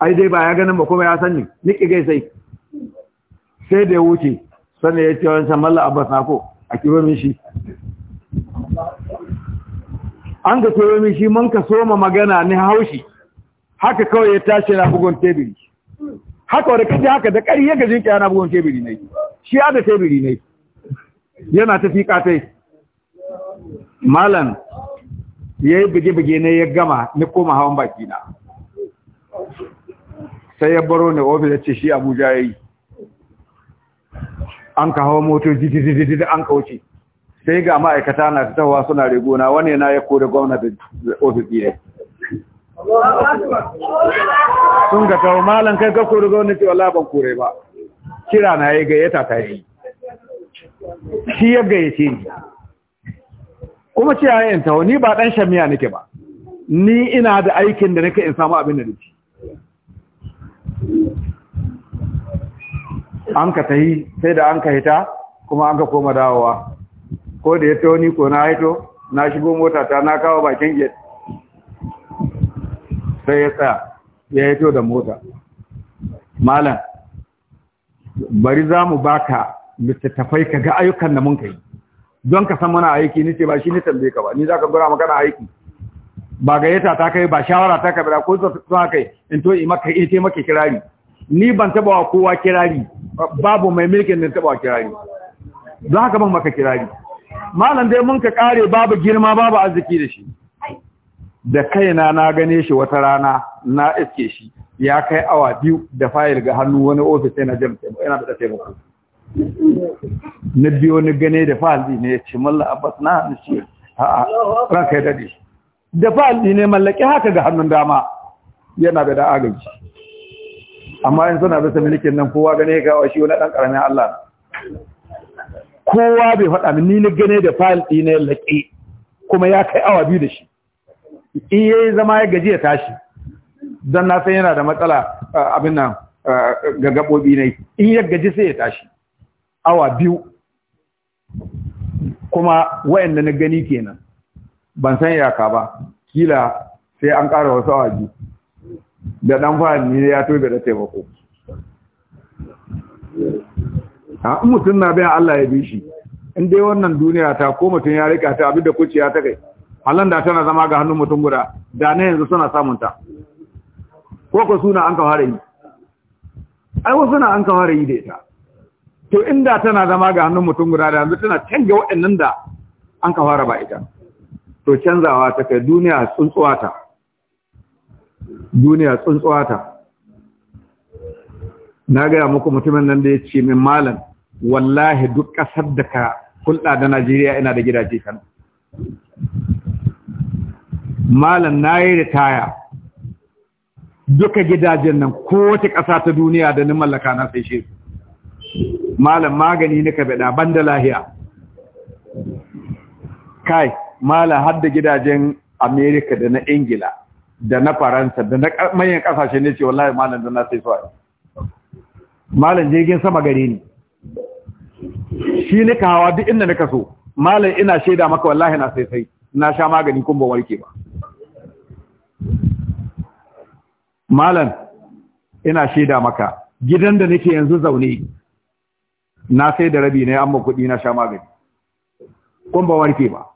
ai dai ba ya ganin ba kuma ya san ni ni kigai sai sai da ya wuce sannan ya ce wancan malla abbas na ko a kiro min shi an ka kiro min shi man ka soma magana ni haushi haka kawai ya tashi na bugun tebiri haka wadda kaji haka da kari ya gajin kyana bugun tebiri ne shi ya da tebiri ne yana tafi katai. malan malam ya yi bige-bige ne ya gama ni koma hawan baki na sai ya baro ne ofis ya ce shi abuja ya yi an ka hawa motoci an kauce, sai ga ma'aikata na fitowa suna rigona wane na ya kore gwamnati ofis ne sun ga tawo malam kai ka kore gwamnati wala ban kore ba kira na ya gayyata ta yi shi ya gayyace ni kuma ce yayin tawo ni ba dan shamiya nake ba ni ina da aikin da nake in samu abin da nake an ka tahi sai da an ka hita kuma an ka koma dawowa ko da ya taho ni ko na haito na shigo mota ta na kawo bakin gate sai ya tsaya ya haito da mota malam bari za mu baka littattafai ka ga ayyukan da mun kai don ka san muna aiki ni ce ba shi ni tambaye ka ba ni za ka gura na aiki ba gayyata ta kai ba shawara ta kai ba ko ta kai in to i maka ite maka kirari ni ban taba wa kowa kirari babu mai milkin da taba wa kirari don haka ban maka kirari malam dai mun ka kare babu girma babu arziki da shi da kaina na gane shi wata rana na iske shi ya kai awa biyu da fayil ga hannu wani ofis yana na jam yana da muku na biyo ni gane da fayil ne ya ci mallan abbas na ni ce a'a ranka ya dade da fayil ne mallake haka ga hannun dama yana da da agaji amma in suna bisa milikin nan kowa gane ga shi wani dan karamin Allah kowa bai faɗa min ni ni gane da file din ne laki kuma ya kai awa biyu da shi in yayi zama ya gaji ya tashi dan na san yana da matsala abin nan ga gabobi ne in ya gaji sai ya tashi awa biyu kuma wayanda na gani kenan ban san yaka ba kila sai an ƙara wasu awa biyu da dan fahimni ya bai da taimako a mutum na bayan Allah ya bi shi in dai wannan duniya ta ko mutum ya rika ta abin da kuce ta kai halan da tana zama ga hannun mutum guda da na yanzu suna samun ta ko ko suna an ka fara yi ai wasu na an ka fara yi da ita to inda tana zama ga hannun mutum guda da yanzu tana canja waɗannan da an ka fara ba ita to canzawa ta kai duniya tsuntsuwa ta duniya tsuntsuwata na gaya muku mutumin nan da ya ce min malam wallahi duk ƙasar da ka hulɗa da najeriya ina da gidaje kan malam na yi ritaya duka gidajen nan ko wata ƙasa ta duniya da ni mallaka na sai shi malam magani nika bada banda lahiya kai malam har da gidajen amerika da na ingila da na faransa da na manyan kasashe ne ce wallahi malam da na sai su malam jirgin sama gare ni shi ne hawa duk inda nika so malam ina shaida maka wallahi na sai sai na sha magani kun ba warke ba malam ina shaida maka gidan da nake yanzu zaune na sai da rabi na amma kuɗi na sha magani kun ba warke ba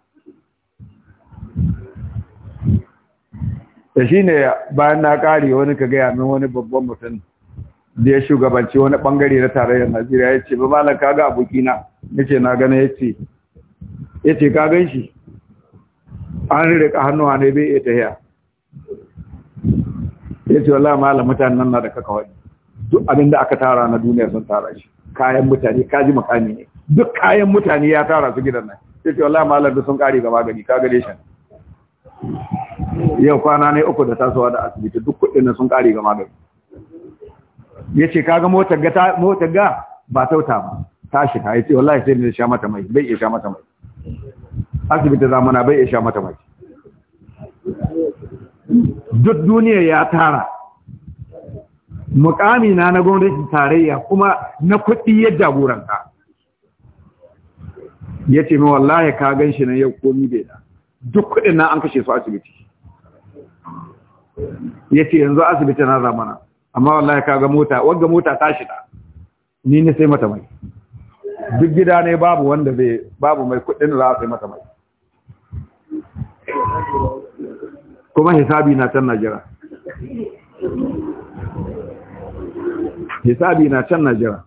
ta shi ne bayan na ƙari wani ka gaya min wani babban mutum da ya shugabanci wani ɓangare na tarayyar najeriya ya ce ba malam kaga abokina ya ce na gana ya ce ya ce ka gan shi an rika hannuwa ne bai iya tahiya ya ce wala malam mutanen na da kaka wani duk abin da aka tara na duniya sun tara shi kayan mutane kaji makami ne duk kayan mutane ya tara su gidan nan ya ce wala malam da sun kare gaba gani ka gare shi yau kwana ne uku da tasowa da asibiti duk kuɗin na sun ƙari ga magani ya ce kaga motar ga motar ga ba tauta ba ta shiga ya ce wallahi sai ne sha mata mai bai iya sha mata mai asibiti zamana bai iya sha mata mai duk duniya ya tara mukami na na gwamnati tarayya kuma na kuɗi ya jagoranta ya ce mai wallahi ka gan shi na yau komi bai da duk kuɗin na an kashe su asibiti ce yanzu asibiti na zamana amma wallahi kaga mota wagga mota ta shida ni ne sai mata mai duk gida ne babu wanda zai babu mai kudin za a sai mata mai kuma hisabi na can Najira hisabi na can Najira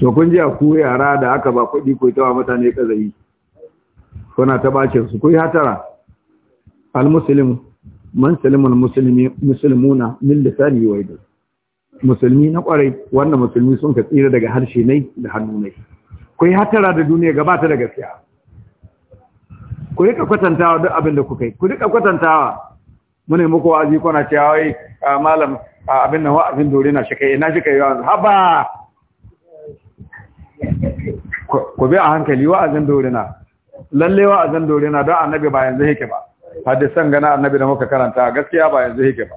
to kun ji ku yara da aka ba kuɗi ko tawa mutane kazayi kuna ta bace su ku hatara al muslim man salima al muslimi muslimuna min lisani wa yadi musulmi na kwarai wannan musulmi sun ka tsira daga harshe nai da hannu nai ku hatara da duniya gabata da gaskiya ku rika kwatantawa duk abin da ku kai ku rika kwatantawa mune muku wa'azi kuna cewa wai malam abin nan wa'azin dore na shi kai ina shi kai yawa haba ku bi a hankali wa'azin dorina lalle wa'azin dorina don annabi ba yanzu yake ba hadisan gana annabi da muka karanta gaskiya ba yanzu yake ba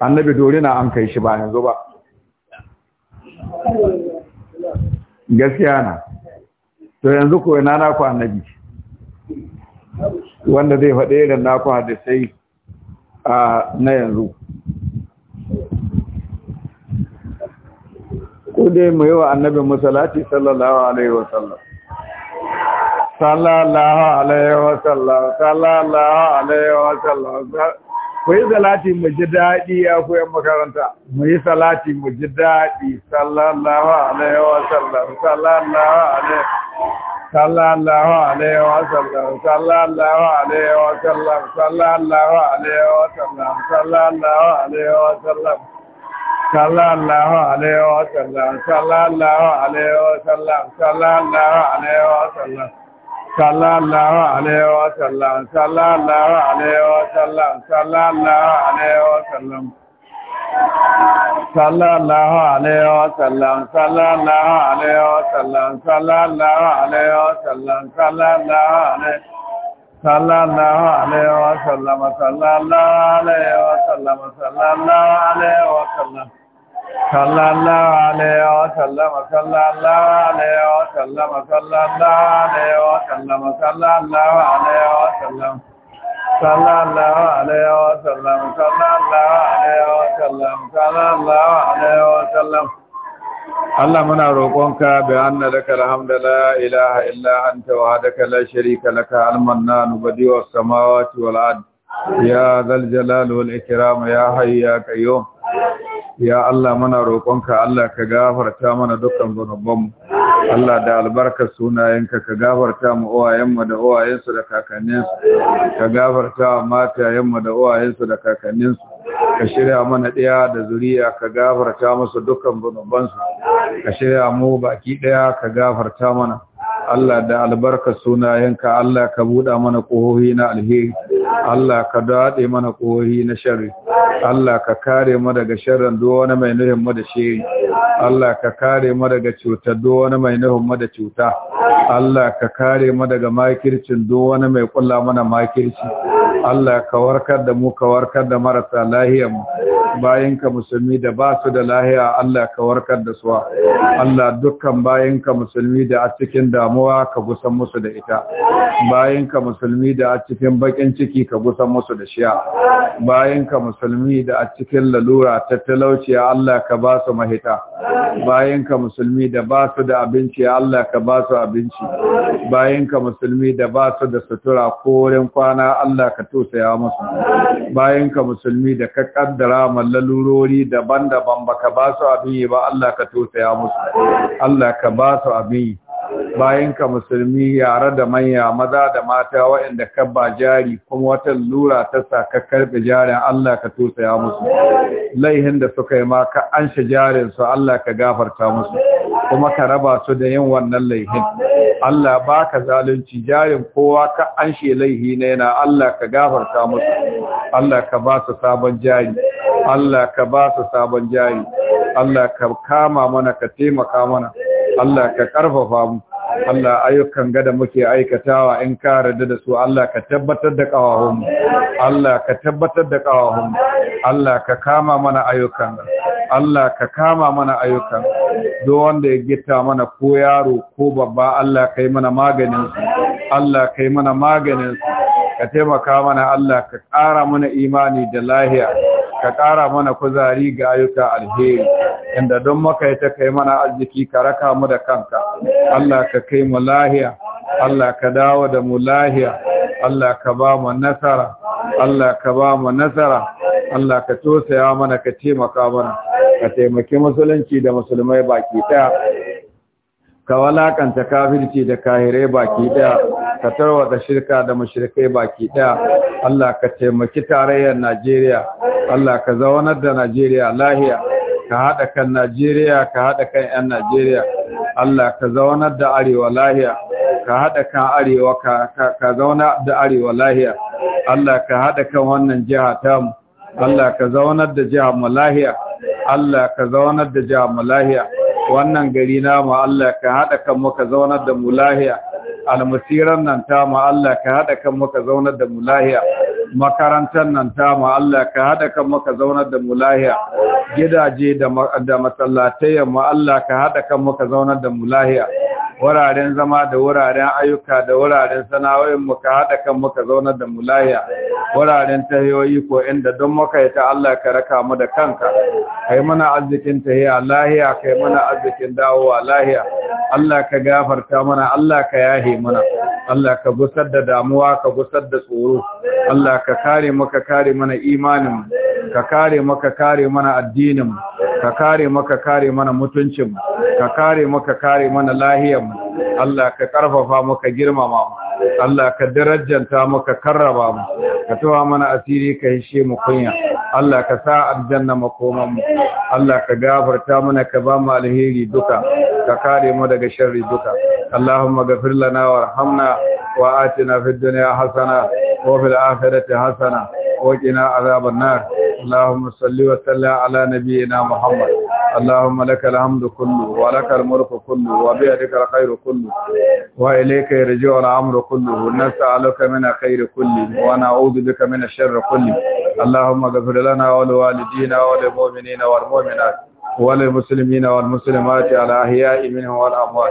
annabi dorina an kai shi ba yanzu ba gaskiya na to yanzu ko ina naku annabi wanda zai faɗe irin naku hadisai na yanzu ko dai mu yi wa annabi musalati sallallahu alaihi sallam sallallahu alaihi sallam sallallahu alaihi sallam ku yi salati mu ji daɗi ya yan makaranta mu yi salati mu ji daɗi sallallahu alaihi sallam sallallahu alaihi sallallahu alaihi sallam sallallahu alaihi sallam sallallahu alaihi sallam sallallahu alaihi sallam sallallahu alaihi wa sallam sallallahu alaihi wa sallam sallallahu alaihi wa sallam sallallahu alaihi wa sallam sallallahu alaihi wa sallam sallallahu alaihi wa sallam sallallahu alaihi wa sallam sallallahu alaihi wa sallam sallallahu alaihi wa sallam sallallahu alaihi صلى الله عليه وسلم صلى الله عليه وسلم صلى الله عليه وسلم صلى الله wa وسلم صلى الله عليه وسلم صلى الله عليه وسلم صلى الله عليه وسلم صلى الله عليه وسلم صلى الله wa وسلم صلى Allah muna roƙonka bi anna laka alhamdu la ilaha illa anta wahdaka la sharika laka al-mannan badi'us samawati wal ard ya dhal jalali wal ikram ya hayy ya qayyum ya Allah mana roƙonka Allah ka gafarta mana dukkan zunubanmu Allah da albarkar sunayenka ka gafarta mu uwayenmu da uwayensu da kakanninsu ka gafarta wa matayenmu da uwayensu da kakanninsu ka shirya mana ɗaya da zuriya ka gafarta musu dukkan zunubansu ka shirya mu baki ɗaya ka gafarta mana Allah da albarka sunayenka Allah ka buɗa mana ƙohohi na alheri Allah ka daɗe mana ƙohohi na sharri Allah ka kare mu daga sharrin duk wani mai nuhin mu da shiri Allah ka kare mu daga cuta duk wani mai nuhin mu da cuta Allah ka kare mu daga makircin duk wani mai kulla mana makirci Allah ka warkar da mu ka warkar da marasa lahiyar mu bayinka musulmi da ba su da lahiya Allah ka warkar da su Allah dukkan bayinka musulmi da a cikin damuwa ka gusan musu da ita bayinka musulmi da a cikin bakin ciki ka gusan musu da shiya bayinka musulmi da a cikin lalura ta talauciya Allah ka ba su mahita bayinka musulmi da ba su da abinci Allah ka ba su abinci bayinka musulmi da ba su da sutura ko wurin kwana Allah ka tosaya musu bayinka musulmi da ka kaddara lalurori daban-daban ka ba su abin yi ba Allah ka tosaya musu Allah ka ba su abin yi bayan ka musulmi yare da manya maza da mata waɗanda ka ba jari kuma wata lura ta sa ka karɓe jarin Allah ka tosaya musu laihin da suka yi ma ka shi jarin su Allah ka gafarta musu kuma ka raba su da yin wannan laihin Allah ba ka zalunci jarin kowa ka shi laihi na yana Allah ka gafarta musu Allah ka ba su sabon jari Allah ka ba su sabon jari Allah ka kama mana ka taimaka mana Allah ka karfafa mu Allah ayyukan gada muke aikatawa in ka rada da su Allah ka tabbatar da kawahun Allah ka tabbatar da kawahun Allah ka kama mana ayyukan Allah ka kama mana ayyukan duk wanda ya gita mana ko yaro ko babba Allah kai mana maganin Allah Allah kai mana maganin ka taimaka mana Allah ka ƙara mana imani da lahiya ka ƙara mana kuzari ga ayyuka alheri inda don maka ya kai mana arziki ka raka mu da kanka Allah ka kai mu lahiya Allah ka dawo da mu lahiya Allah ka ba mu nasara Allah ka ba mu nasara Allah ka tosaya mana ka taimaka mana ka taimaki musulunci da musulmai baki ɗaya ka walakanta kafirci da kahirai baki daya ka tarwata shirka da mashirkai baki daya Allah ka taimaki tarayyar Najeriya Allah ka zaunar da Najeriya lahiya ka haɗa kan Najeriya ka haɗa kan 'yan Najeriya Allah ka zaunar da arewa lahiya ka haɗa kan arewa ka zauna da arewa lahiya Allah ka haɗa kan wannan jiha tamu Allah ka zaunar da jiha mu lahiya Allah ka zaunar da jiha mu lahiya wannan gari na ma'alla ka haɗa kan muka zaunar da mu almasiran nan ta ma'alla ka haɗa kan muka zaunar da mu makarantar nan ta ma'alla ka haɗa kan muka zaunar da mu gidaje da masallatai ma'alla ka haɗa kan muka zaunar da mu lahiya wuraren zama da wuraren ayyuka da wuraren sana'o'in muka haɗa kan muka zauna da mulaya wuraren tahiyoyi ko inda don muka yi ta Allah ka raka mu da kanka kai mana arzikin tahiya lahiya kai mana arzikin dawowa lahiya Allah ka gafarta mana Allah ka yahe mana Allah ka gusar da damuwa ka gusar da tsoro Allah ka kare mu ka kare mana imanin ka kare mu ka kare mana addinin ka kare mu ka kare mana mutuncin ka kare mu ka kare mana lahiyar Allah ka karfafa mu ka girmama mu Allah ka darajanta mu ka karraba mu ka tawa mana asiri ka hishe mu kunya Allah ka sa aljanna makoman mu Allah ka gafarta mana ka ba mu alheri duka ka kare mu daga sharri duka اللهم اغفر لنا وارحمنا وآتنا في الدنيا حسنة وفي الآخرة حسنة وقنا عذاب النار اللهم صل وسلم على نبينا محمد اللهم لك الحمد كله ولك الملك كله وبيدك الخير كله وإليك يرجع الأمر كله نسألك من الخير كله ونعوذ بك من الشر كله اللهم اغفر لنا ولوالدينا وللمؤمنين والمؤمنات وللمسلمين والمسلمات على أحياء منهم والأموات